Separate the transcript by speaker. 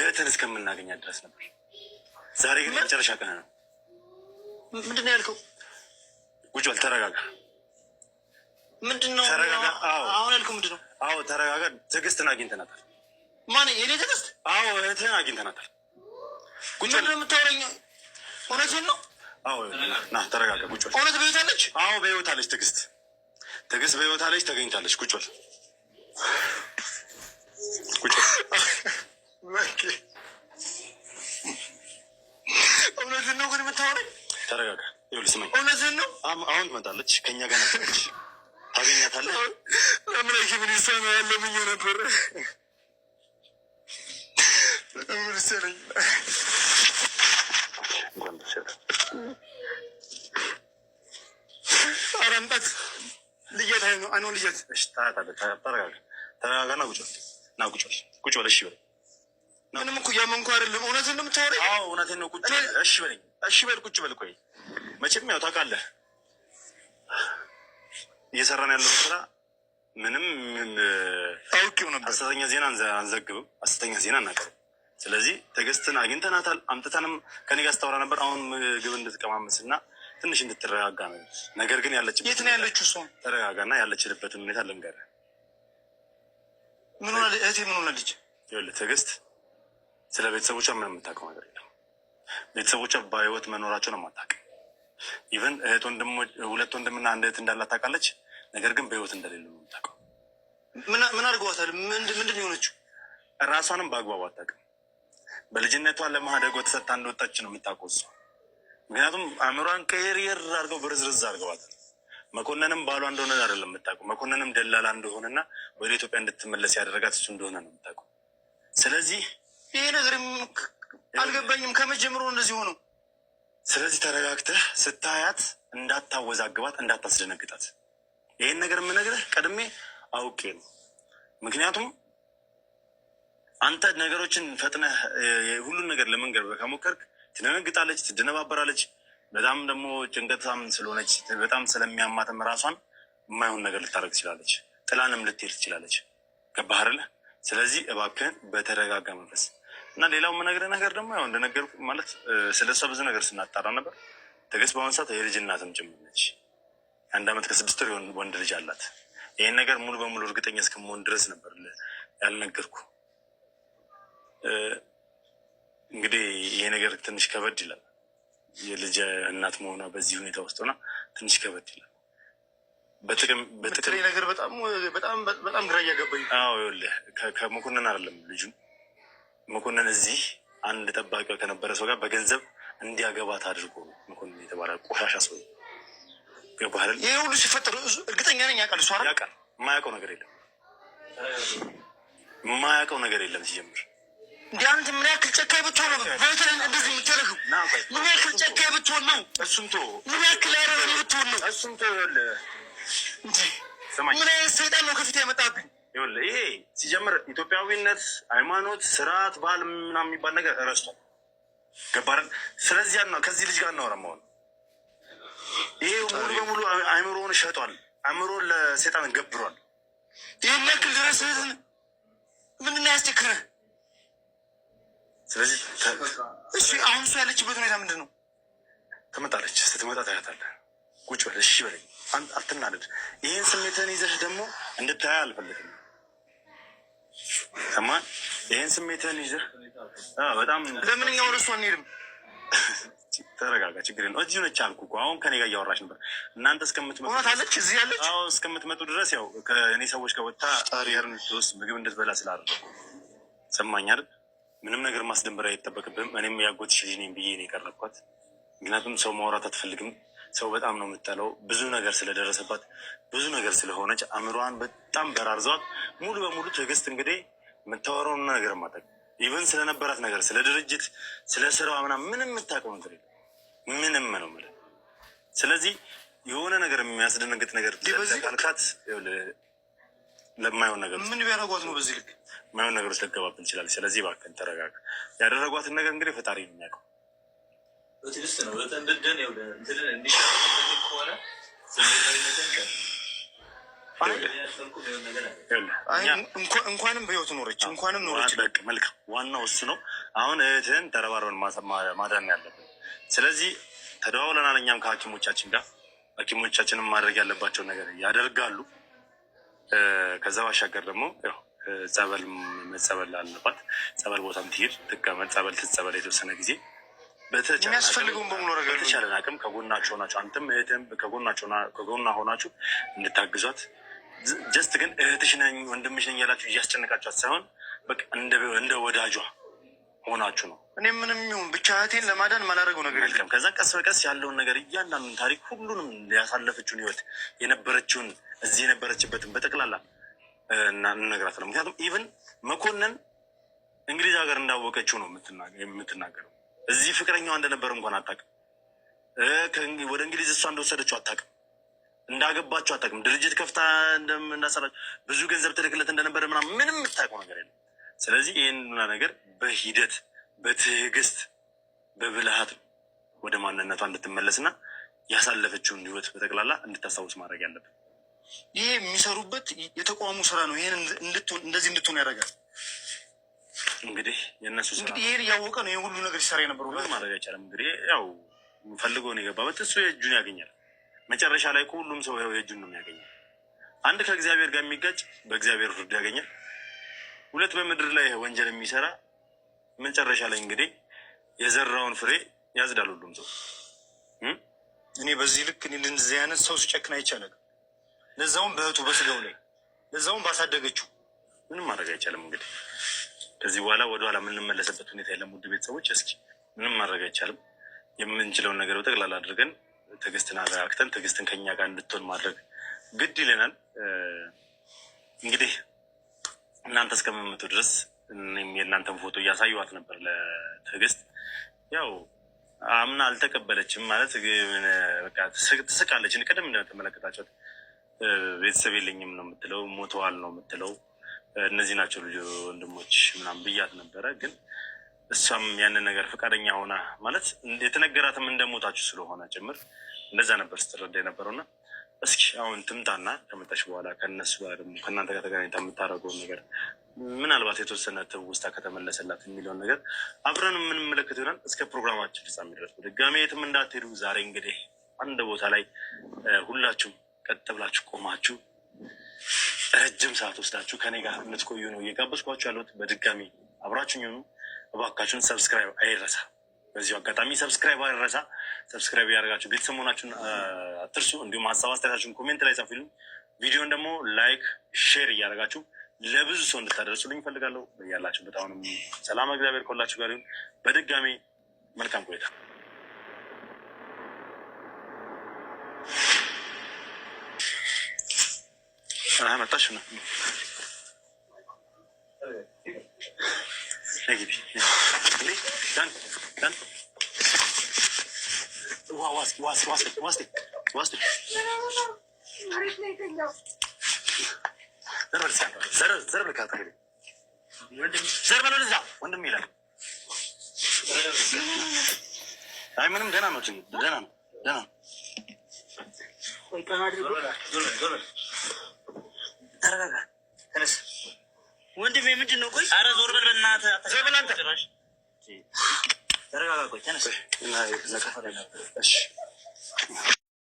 Speaker 1: እህትን እስከምናገኛት ድረስ ነበር። ዛሬ ግን የመጨረሻ ቀን ነው። ምንድን ነው ያልከው? ውጭል ተረጋጋ።
Speaker 2: ምንድን ነው አሁን ያልከው? ምንድን ነው?
Speaker 1: አዎ ተረጋጋ። ትዕግስትን አግኝተናታል።
Speaker 2: ማን የኔ ትዕግስት?
Speaker 1: አዎ እህትን አግኝተናታል።
Speaker 2: ጉጭል የምታወራኝ እውነትን ነው?
Speaker 1: አዎ ና ተረጋጋ። ጉጭል
Speaker 2: እውነት በህይወት አለች?
Speaker 1: አዎ በህይወት አለች። ትዕግስት ትዕግስት በህይወት አለች፣ ተገኝታለች። ጉጭል
Speaker 2: እውነትን ነው ግን የምታወራኝ?
Speaker 1: ተረጋጋ። ይኸውልህ ስማኝ፣ እውነትን ነው። አሁን ትመጣለች፣ ከእኛ ጋር ነበረች፣ ታገኛታለህ።
Speaker 2: ለምን አይሽ ምን ይሰማል? ለምኝ ነበረ ምን ይሰለኝ አራምጣት ልየት ነው አኖ ልየት
Speaker 1: ተረጋጋ። ተረጋጋ ና ቁጭ በል፣ ና ቁጭ በል፣ ቁጭ በል። እሺ በል
Speaker 2: ምንም እኮ የምንኩ አይደለም። እውነቴን ነው የምታወሪው?
Speaker 1: አዎ እውነቴን ነው። ቁጭ በል እሺ በለኝ፣ እሺ በል ቁጭ በል። ቆይ መቼም ያው ታውቃለህ እየሰራን ያለው ስራ ምንም አውቄው ነበር። ሐሰተኛ ዜና አንዘግብም፣ ሐሰተኛ ዜና አናውቅም። ስለዚህ ትዕግስትን አግኝተናታል፣ አምጥተንም ከኔ ጋር ስታወራ ነበር። አሁን ምግብ እንድትቀማምስ እና ትንሽ እንድትረጋጋ ነው። ነገር ግን ያለች
Speaker 2: የት ነው ያለችው? እሷ
Speaker 1: ተረጋጋና ያለችልበትን ሁኔታ ልንገርህ።
Speaker 2: ምን ሆነ እህቴ? ምን ሆነ ልጅ?
Speaker 1: ትዕግስት ስለ ቤተሰቦቿ ምን የምታውቀው ነገር የለም። ቤተሰቦቿ በህይወት ነው የማታውቅ ኢቨን እህት ወንድሞች፣ ሁለት ወንድምና አንድ እህት እንዳላት ታውቃለች። ነገር ግን በህይወት እንደሌሉ ነው የምታውቀው።
Speaker 2: ምን አድርገዋታል? ምንድን የሆነችው?
Speaker 1: ራሷንም በአግባቡ አታውቅም። በልጅነቷ ለማደጎ ተሰጥታ እንደወጣች ነው የምታውቀው እሷ። ምክንያቱም አእምሯን ከየርየር አድርገው ብርዝርዝ አድርገዋታል። መኮንንም ባሏ እንደሆነ አይደለም የምታውቀው። መኮንንም ደላላ እንደሆነና ወደ ኢትዮጵያ እንድትመለስ ያደረጋት እሱ እንደሆነ ነው የምታውቀው። ስለዚህ
Speaker 2: ይሄ ነገር አልገባኝም። ከመጀመሩ እንደዚህ ሆነው።
Speaker 1: ስለዚህ ተረጋግተህ ስታያት እንዳታወዛግባት፣ እንዳታስደነግጣት። ይህን ነገር የምነግርህ ቀድሜ አውቄ ነው። ምክንያቱም አንተ ነገሮችን ፈጥነህ ሁሉን ነገር ለመንገር ከሞከርክ ትደነግጣለች፣ ትደነባበራለች። በጣም ደግሞ ጭንቀታም ስለሆነች በጣም ስለሚያማትም ራሷን የማይሆን ነገር ልታደርግ ትችላለች። ጥላንም ልትሄድ ትችላለች። ገባህ አይደለ? ስለዚህ እባክህን በተረጋጋ መንፈስ እና ሌላው የምነግርህ ነገር ደግሞ ያው እንደነገርኩህ ማለት ስለ ብዙ ነገር ስናጣራ ነበር። ትዕግስት በአሁኑ ሰዓት የልጅ እናትም ጭምር ነች። አንድ ዓመት ከስድስት ወር የሆነ ወንድ ልጅ አላት። ይህን ነገር ሙሉ በሙሉ እርግጠኛ እስከመሆን ድረስ ነበር ያልነገርኩ። እንግዲህ ይሄ ነገር ትንሽ ከበድ ይላል። የልጅ እናት መሆኗ በዚህ ሁኔታ ውስጥ ሆና ትንሽ ከበድ ይላል። በጥቅም
Speaker 2: ነገር በጣም በጣም በጣም ግራ እያገባኝ።
Speaker 1: አዎ ይኸውልህ ከመኮንን አይደለም ልጁ መኮንን እዚህ አንድ ጠባቂዋ ከነበረ ሰው ጋር በገንዘብ እንዲያገባት አድርጎ መኮንን የተባለ ቆሻሻ ሰው ይባላል።
Speaker 2: ይህ ሁሉ ሲፈጠር እርግጠኛ ነኝ ያውቃል፣ እሱ
Speaker 1: ያውቃል። የማያውቀው ነገር የለም፣ የማያውቀው ነገር የለም። ሲጀምር
Speaker 2: እንዲ አንተ ምን ያክል ጨካኝ ብትሆን ነው ቤትህን እንደዚህ የምታደርገው? ምን ያክል ጨካኝ ብትሆን ነው? እሱም ቶ ምን ያክል አይረባ ብትሆን ነው? እሱም ቶ ምን አይነት ሰይጣን ነው ከፊት ያመጣብኝ?
Speaker 1: ይኸውልህ ይሄ ሲጀምር ኢትዮጵያዊነት፣ ሃይማኖት፣ ስርዓት፣ ባህል ምናምን የሚባል ነገር ረስቷል። ገባርን። ስለዚህ ያ ከዚህ ልጅ ጋር እናወራም። መሆን ይሄ ሙሉ በሙሉ አእምሮውን ሸጧል። አእምሮን ለሴጣን ገብሯል።
Speaker 2: ይህን ያክል ድረስ ምንድን ያስቸክረ? ስለዚህ እሺ፣ አሁን እሱ ያለችበት ሁኔታ ምንድን ነው?
Speaker 1: ትመጣለች። ስትመጣ ታያታለህ። ቁጭ በል እሺ በለኝ፣ አትናደድ። ይህን ስሜትህን ይዘሽ ደግሞ እንድታያ አልፈልግም። እማ ይህን ስሜትህን ይዘህ በጣም
Speaker 2: ለምንኛው እሷ አንሄድም።
Speaker 1: ተረጋጋ፣ ችግር ነው። እዚሁ ነች አልኩ እኮ አሁን ከኔ ጋር እያወራች ነበር። እናንተ
Speaker 2: እስከምትመጣለች እዚህ ያለች
Speaker 1: አዎ፣ እስከምትመጡ ድረስ ያው ከእኔ ሰዎች ጋር ወጥታ ሪር ውስጥ ምግብ እንድትበላ ስላደረኩ ሰማኝ አይደል? ምንም ነገር ማስደንበር አይጠበቅብህም። እኔም ያጎትሽ ልጅ ነኝ ብዬ ነው የቀረብኳት። ምክንያቱም ሰው ማውራት አትፈልግም። ሰው በጣም ነው የምጠለው። ብዙ ነገር ስለደረሰባት ብዙ ነገር ስለሆነች አእምሯን በጣም በራርዘዋት ሙሉ በሙሉ ትዕግስት እንግዲህ የምታወራውን ነገር ማጠቅ ኢቨን ስለነበራት ነገር ስለ ድርጅት ስለ ስራዋ ምናምን ምንም የምታውቀው ነገር ምንም ነው የምልህ። ስለዚህ የሆነ ነገር የሚያስደነግጥ ነገር ካልካት ለማይሆን ነገር
Speaker 2: ምን ቢያደረጓት ነው በዚህ ልክ
Speaker 1: ማይሆን ነገሮች ልገባብን እንችላል። ስለዚህ እባክህን ተረጋጋ። ያደረጓትን ነገር እንግዲህ ፈጣሪ ነው የሚያውቀው።
Speaker 2: በትዕግስት ነው ተንድደን ሆነ እንኳንም በህይወት ኖረች እንኳንም ኖረች።
Speaker 1: በቃ መልካም፣ ዋናው እሱ ነው። አሁን እህትህን ተረባርበን ማዳን ያለብን። ስለዚህ ተደዋውለናል እኛም ከሐኪሞቻችን ጋር ሐኪሞቻችንም ማድረግ ያለባቸውን ነገር ያደርጋሉ። ከዛ ባሻገር ደግሞ ጸበል መጸበል አለባት። ጸበል ቦታም ትሄድ ትቀመጥ፣ ጸበል ትጸበል የተወሰነ ጊዜ የሚያስፈልገውን በሙሉ በተቻለን አቅም ከጎናቸው አንተም እህትህም ከጎናቸው ከጎና ሆናችሁ እንድታግዟት ጀስት ግን እህትሽ ነኝ ወንድምሽ ነኝ ያላችሁ እያስጨነቃችኋት ሳይሆን በቃ እንደ ወዳጇ ሆናችሁ ነው።
Speaker 2: እኔ ምንም ይሁን ብቻ እህቴን ለማዳን ማላደረገው ነገር የለም።
Speaker 1: ከዛ ቀስ በቀስ ያለውን ነገር እያንዳንዱን ታሪክ ሁሉንም ያሳለፈችውን ህይወት የነበረችውን እዚህ የነበረችበትን በጠቅላላ ነው። ምክንያቱም ኢቨን መኮንን እንግሊዝ ሀገር እንዳወቀችው ነው የምትናገረው። እዚህ ፍቅረኛዋ እንደነበረ እንኳን አታውቅም። ወደ እንግሊዝ እሷ እንደወሰደችው አታውቅም። እንዳገባችሁ አታውቅም። ድርጅት ከፍታ እንደምናሰራ ብዙ ገንዘብ ትልክለት እንደነበረ ምናምን ምንም የምታውቀው ነገር የለም። ስለዚህ ይህን ነገር በሂደት በትዕግስት በብልሃት ወደ ማንነቷ እንድትመለስና ያሳለፈችውን ህይወት በጠቅላላ እንድታስታውስ ማድረግ ያለብን።
Speaker 2: ይሄ የሚሰሩበት የተቋሙ ስራ ነው። ይህን እንደዚህ እንድትሆን ያደርጋል።
Speaker 1: እንግዲህ የእነሱ
Speaker 2: እንግዲህ ይህን እያወቀ ነው ይህ ሁሉ ነገር ሲሰራ የነበሩ
Speaker 1: ማድረግ አይቻልም። እንግዲህ ያው ፈልጎ የገባበት እሱ የእጁን ያገኛል። መጨረሻ ላይ ሁሉም ሰው የእጁን ነው የሚያገኘ። አንድ ከእግዚአብሔር ጋር የሚጋጭ በእግዚአብሔር ፍርድ ያገኛል። ሁለት በምድር ላይ ወንጀል የሚሰራ መጨረሻ ላይ እንግዲህ የዘራውን ፍሬ ያዝዳል ሁሉም ሰው።
Speaker 2: እኔ በዚህ ልክ እንደዚህ አይነት ሰው ሲጨክን አይቻለም። ለዛውም በእህቱ በስጋው ላይ ለዛውም ባሳደገችው
Speaker 1: ምንም ማድረግ አይቻልም። እንግዲህ ከዚህ በኋላ ወደኋላ የምንመለስበት ሁኔታ የለም። ውድ ቤተሰቦች እስኪ ምንም ማድረግ አይቻልም። የምንችለውን ነገር በጠቅላላ አድርገን ትዕግስትን አረጋግተን ትዕግስትን ከኛ ጋር እንድትሆን ማድረግ ግድ ይልናል። እንግዲህ እናንተ እስከምመጡ ድረስ የእናንተን ፎቶ እያሳዩዋት ነበር ለትዕግስት ያው አምና አልተቀበለችም ማለት ትስቃለች። ቅድም እንደተመለከታቸው ቤተሰብ የለኝም ነው የምትለው፣ ሞተዋል ነው የምትለው፣ እነዚህ ናቸው ልጅ ወንድሞች ምናምን ብያት ነበረ ግን እሷም ያንን ነገር ፈቃደኛ ሆና ማለት የተነገራትም እንደሞታችሁ ስለሆነ ጭምር እንደዛ ነበር ስትረዳ የነበረውና እስኪ አሁን ትምጣና ከመጣሽ በኋላ ከነሱ ጋር ደግሞ ከእናንተ ጋር ተገናኝታ የምታደርገውን ነገር ምናልባት የተወሰነ ትውስታ ከተመለሰላት የሚለውን ነገር አብረን የምንመለከት ይሆናል። እስከ ፕሮግራማችን ፍጻሜ ድረስ ድጋሜ የትም እንዳትሄዱ። ዛሬ እንግዲህ አንድ ቦታ ላይ ሁላችሁም ቀጥ ብላችሁ ቆማችሁ ረጅም ሰዓት ወስዳችሁ ከኔ ጋር የምትቆዩ ነው እየጋበዝኳችሁ ያለሁት። በድጋሚ አብራችሁ ሆኑ። እባካችሁን ሰብስክራይብ አይረሳ። በዚሁ አጋጣሚ ሰብስክራይብ አይረሳ። ሰብስክራይብ ያደርጋችሁ ቤተሰሞናችሁን አትርሱ። እንዲሁም ሀሳብ አስተያየታችሁን ኮሜንት ላይ ጻፉልኝ። ቪዲዮን ደግሞ ላይክ፣ ሼር እያደረጋችሁ ለብዙ ሰው እንድታደርሱልኝ እፈልጋለሁ። ያላችሁ በጣም ሰላም፣ እግዚአብሔር ከሁላችሁ ጋር ይሁን። በድጋሚ መልካም ቆይታ መጣሽ ነው ወንድም ይላል። አይ ምንም ደህና ነው፣ ደህና ነው፣ ደህና ነው። ተረጋጋ
Speaker 2: ወንድሜ ምንድን ነው? ቆይ
Speaker 1: አረ ዞር በል በእናትህ። ተረጋጋ። ቆይ ተነስ